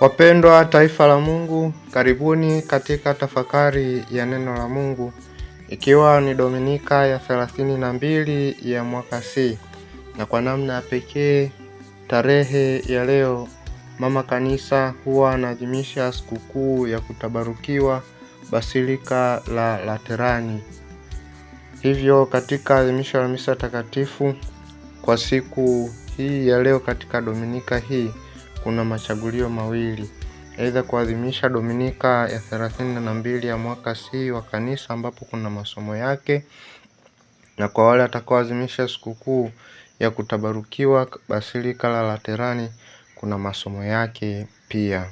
Wapendwa taifa la Mungu, karibuni katika tafakari ya neno la Mungu, ikiwa ni Dominika ya thelathini na mbili ya mwaka C, na kwa namna ya pekee tarehe ya leo Mama Kanisa huwa anaadhimisha sikukuu ya kutabarukiwa Basilika la Laterani. Hivyo katika adhimisho la misa takatifu kwa siku hii ya leo, katika dominika hii kuna machagulio mawili, aidha kuadhimisha Dominika ya thelathini na mbili ya mwaka C wa Kanisa ambapo kuna masomo yake, na kwa wale watakaoadhimisha sikukuu ya kutabarukiwa Basilika la Laterani kuna masomo yake pia.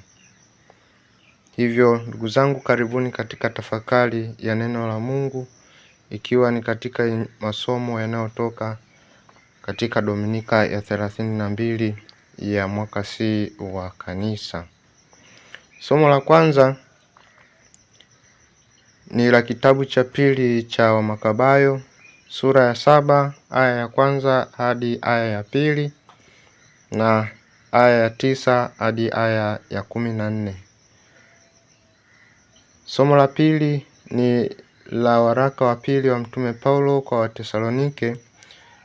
Hivyo ndugu zangu, karibuni katika tafakari ya neno la Mungu ikiwa ni katika masomo yanayotoka katika Dominika ya thelathini na mbili ya mwaka C wa kanisa. Somo la kwanza ni la kitabu cha pili cha Wamakabayo sura ya saba aya ya kwanza hadi aya ya pili na aya ya tisa hadi aya ya kumi na nne. Somo la pili ni la waraka wa pili wa Mtume Paulo kwa Watesalonike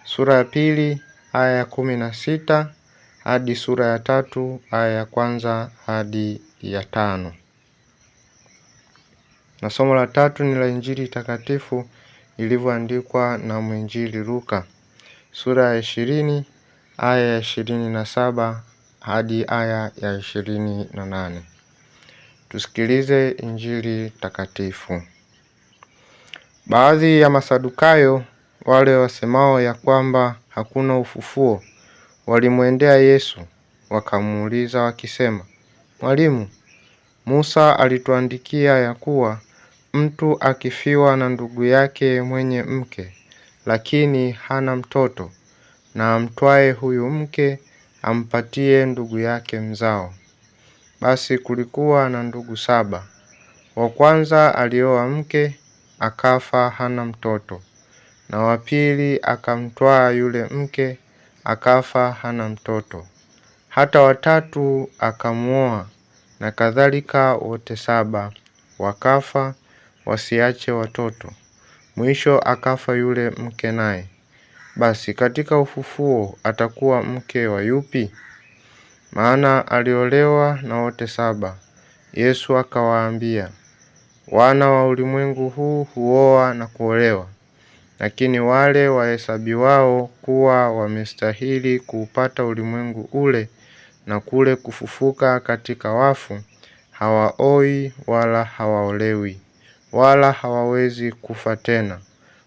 sura ya pili aya ya kumi na sita hadi sura ya tatu aya ya kwanza hadi ya tano. Na somo la tatu ni la Injili takatifu ilivyoandikwa na mwinjili Luka sura ya ishirini aya ya ishirini na saba hadi aya ya ishirini na nane. Tusikilize Injili takatifu. Baadhi ya Masadukayo, wale wasemao ya kwamba hakuna ufufuo, Walimwendea Yesu wakamuuliza wakisema, Mwalimu, Musa alituandikia ya kuwa mtu akifiwa na ndugu yake mwenye mke, lakini hana mtoto, na amtwae huyu mke ampatie ndugu yake mzao. Basi kulikuwa na ndugu saba. Wa kwanza alioa mke, akafa hana mtoto, na wa pili akamtwaa yule mke akafa hana mtoto, hata watatu akamwoa, na kadhalika wote saba wakafa wasiache watoto, mwisho akafa yule mke naye. Basi katika ufufuo atakuwa mke wa yupi? Maana aliolewa na wote saba. Yesu akawaambia, wana wa ulimwengu huu huoa na kuolewa lakini wale wahesabiwao kuwa wamestahili kuupata ulimwengu ule na kule kufufuka katika wafu, hawaoi wala hawaolewi, wala hawawezi kufa tena,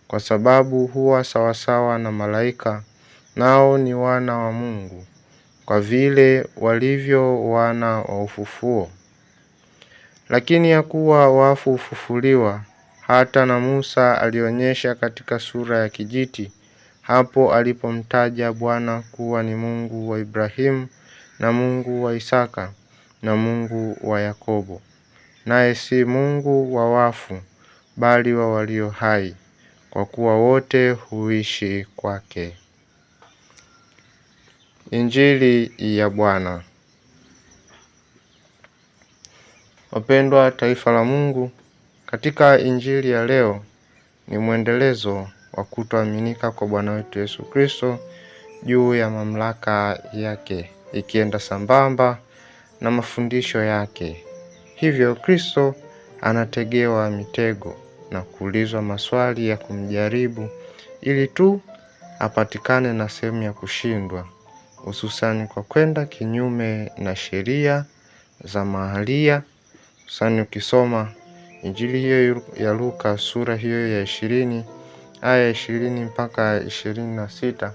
kwa sababu huwa sawasawa na malaika, nao ni wana wa Mungu, kwa vile walivyo wana wa ufufuo. Lakini ya kuwa wafu hufufuliwa, hata na Musa alionyesha katika sura ya kijiti, hapo alipomtaja Bwana kuwa ni Mungu wa Ibrahimu na Mungu wa Isaka na Mungu wa Yakobo, naye si Mungu wa wafu, bali wa walio hai, kwa kuwa wote huishi kwake. Injili ya Bwana. Wapendwa taifa la Mungu, katika Injili ya leo ni mwendelezo wa kutoaminika kwa Bwana wetu Yesu Kristo juu ya mamlaka yake ikienda sambamba na mafundisho yake. Hivyo Kristo anategewa mitego na kuulizwa maswali ya kumjaribu ili tu apatikane na sehemu ya kushindwa, hususani kwa kwenda kinyume na sheria za mahalia, hususani ukisoma Injili hiyo ya Luka sura hiyo ya ishirini aya ishirini mpaka ishirini na sita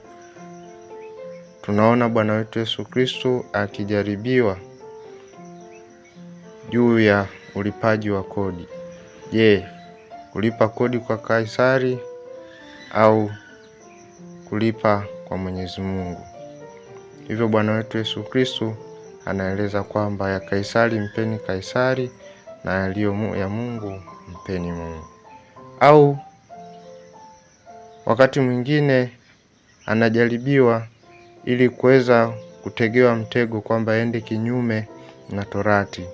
tunaona Bwana wetu Yesu Kristo akijaribiwa juu ya ulipaji wa kodi. Je, kulipa kodi kwa Kaisari au kulipa kwa Mwenyezi Mungu? Hivyo Bwana wetu Yesu Kristo anaeleza kwamba ya Kaisari mpeni Kaisari na yaliyo ya Mungu mpeni Mungu. Au wakati mwingine anajaribiwa ili kuweza kutegewa mtego kwamba aende kinyume na Torati.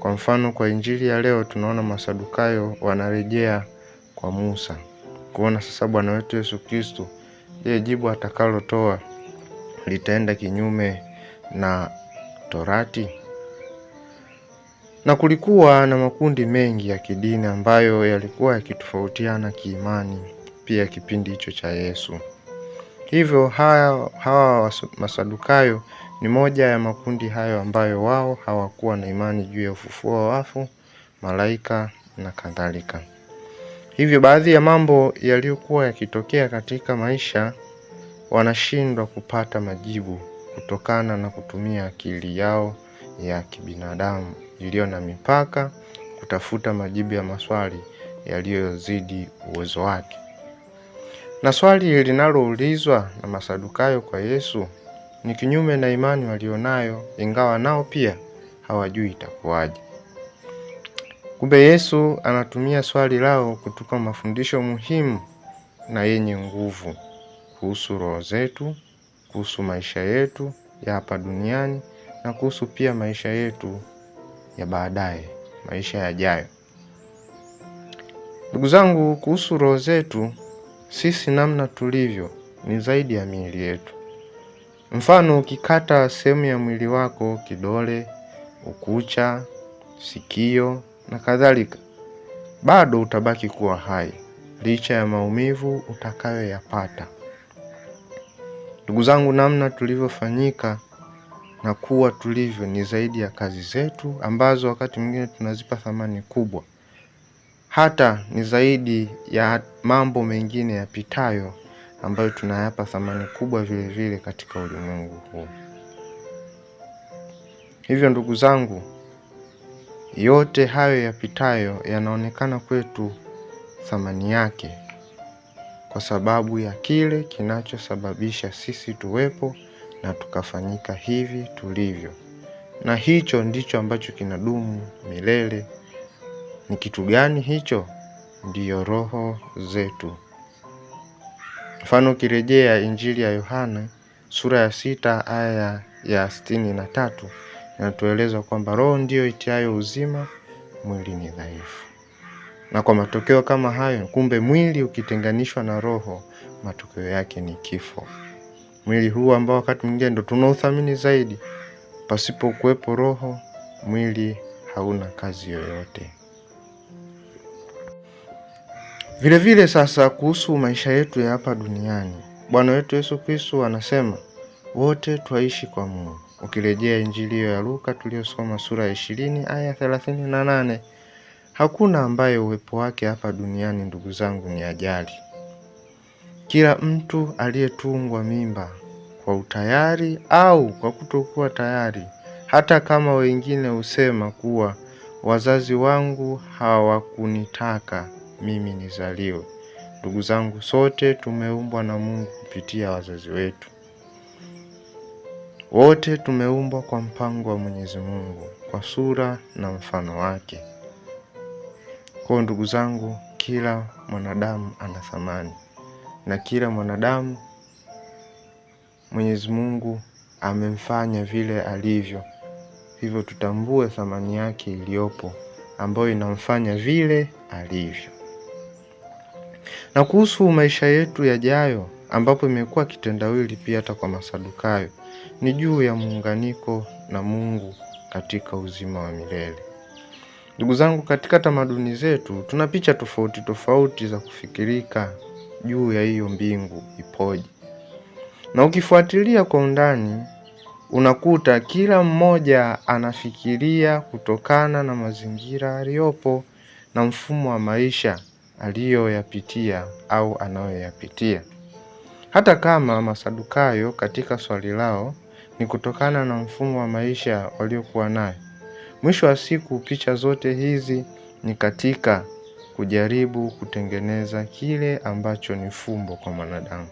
Kwa mfano, kwa injili ya leo tunaona Masadukayo wanarejea kwa Musa kuona sasa Bwana wetu Yesu Kristo, je, jibu atakalotoa litaenda kinyume na Torati? na kulikuwa na makundi mengi ya kidini ambayo yalikuwa yakitofautiana kiimani pia kipindi hicho cha Yesu. Hivyo hawa, hawa Masadukayo ni moja ya makundi hayo ambayo wao hawakuwa na imani juu ya ufufuo wa wafu, malaika na kadhalika. Hivyo baadhi ya mambo yaliyokuwa yakitokea katika maisha wanashindwa kupata majibu kutokana na kutumia akili yao ya kibinadamu iliyo na mipaka, kutafuta majibu ya maswali yaliyozidi uwezo wake. Na swali linaloulizwa na Masadukayo kwa Yesu ni kinyume na imani walionayo, ingawa nao pia hawajui itakuwaje. Kumbe Yesu anatumia swali lao kutupa mafundisho muhimu na yenye nguvu kuhusu roho zetu, kuhusu maisha yetu ya hapa duniani na kuhusu pia maisha yetu ya baadaye, maisha yajayo. Ndugu zangu, kuhusu roho zetu, sisi namna tulivyo ni zaidi ya miili yetu. Mfano, ukikata sehemu ya mwili wako, kidole, ukucha, sikio na kadhalika, bado utabaki kuwa hai licha ya maumivu utakayoyapata. Ndugu zangu, namna tulivyofanyika na kuwa tulivyo ni zaidi ya kazi zetu ambazo wakati mwingine tunazipa thamani kubwa, hata ni zaidi ya mambo mengine yapitayo ambayo tunayapa thamani kubwa vile vile katika ulimwengu huu. Hivyo ndugu zangu, yote hayo yapitayo yanaonekana kwetu thamani yake kwa sababu ya kile kinachosababisha sisi tuwepo na tukafanyika hivi tulivyo. Na hicho ndicho ambacho kinadumu milele. Ni kitu gani hicho? Ndiyo roho zetu. Mfano, ukirejea Injili ya Yohana sura ya sita aya ya sitini na tatu inatueleza kwamba roho ndiyo itiayo uzima, mwili ni dhaifu. Na kwa matokeo kama hayo, kumbe mwili ukitenganishwa na roho, matokeo yake ni kifo mwili huu ambao wakati mwingine ndo tunauthamini zaidi. Pasipo kuwepo roho, mwili hauna kazi yoyote. Vile vile sasa, kuhusu maisha yetu ya hapa duniani, Bwana wetu Yesu Kristo anasema wote twaishi kwa Mungu, ukirejea Injili ya Luka tuliyosoma sura ya ishirini aya thelathini na nane. Hakuna ambaye uwepo wake hapa duniani, ndugu zangu, ni ajali. Kila mtu aliyetungwa mimba kwa utayari au kwa kutokuwa tayari, hata kama wengine husema kuwa wazazi wangu hawakunitaka mimi nizaliwe. Ndugu zangu, sote tumeumbwa na Mungu kupitia wazazi wetu. Wote tumeumbwa kwa mpango wa Mwenyezi Mungu, kwa sura na mfano wake. Kwa ndugu zangu, kila mwanadamu ana thamani na kila mwanadamu Mwenyezi Mungu amemfanya vile alivyo, hivyo tutambue thamani yake iliyopo ambayo inamfanya vile alivyo. Na kuhusu maisha yetu yajayo, ambapo imekuwa kitendawili pia hata kwa Masadukayo, ni juu ya muunganiko na Mungu katika uzima wa milele. Ndugu zangu, katika tamaduni zetu tuna picha tofauti tofauti za kufikirika juu ya hiyo mbingu ipoje. Na ukifuatilia kwa undani, unakuta kila mmoja anafikiria kutokana na mazingira aliyopo na mfumo wa maisha aliyoyapitia au anayoyapitia. Hata kama Masadukayo katika swali lao ni kutokana na mfumo wa maisha waliokuwa nayo, mwisho wa siku picha zote hizi ni katika kujaribu kutengeneza kile ambacho ni fumbo kwa mwanadamu,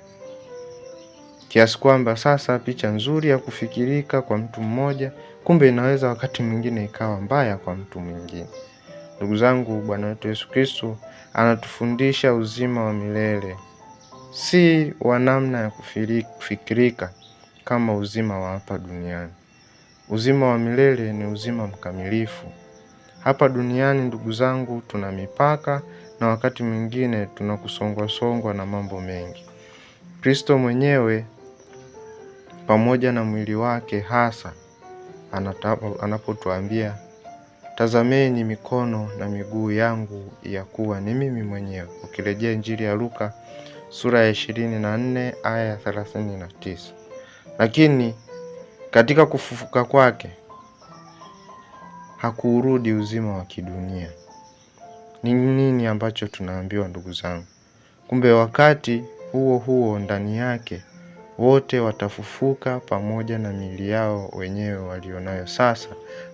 kiasi kwamba sasa picha nzuri ya kufikirika kwa mtu mmoja, kumbe inaweza wakati mwingine ikawa mbaya kwa mtu mwingine. Ndugu zangu, Bwana wetu Yesu Kristo anatufundisha uzima wa milele, si wa namna ya kufikirika kama uzima wa hapa duniani. Uzima wa milele ni uzima mkamilifu. Hapa duniani ndugu zangu, tuna mipaka na wakati mwingine tunakusongwasongwa na mambo mengi. Kristo mwenyewe pamoja na mwili wake hasa anapotuambia, tazameni mikono na miguu yangu ya kuwa ni mimi mwenyewe, ukirejea Injili ya Luka sura ya ishirini na nne aya ya thelathini na tisa. Lakini katika kufufuka kwake hakuurudi uzima wa kidunia. Ni nini ambacho tunaambiwa ndugu zangu? Kumbe wakati huo huo ndani yake wote watafufuka pamoja na miili yao wenyewe walionayo sasa,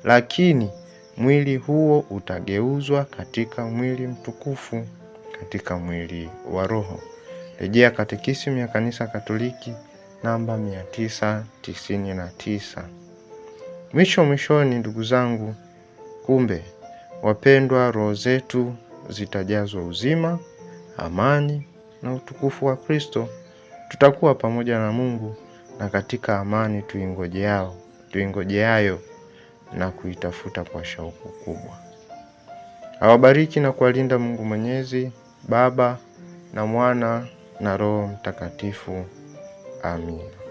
lakini mwili huo utageuzwa katika mwili mtukufu, katika mwili wa Roho. Rejea Katekisimu ya Kanisa Katoliki namba 999. Mwisho mwishoni, ndugu zangu Kumbe wapendwa, roho zetu zitajazwa uzima, amani na utukufu wa Kristo. Tutakuwa pamoja na Mungu na katika amani tuingojeao tuingojeayo na kuitafuta kwa shauku kubwa. Awabariki na kuwalinda Mungu Mwenyezi, Baba na Mwana na Roho Mtakatifu. Amina.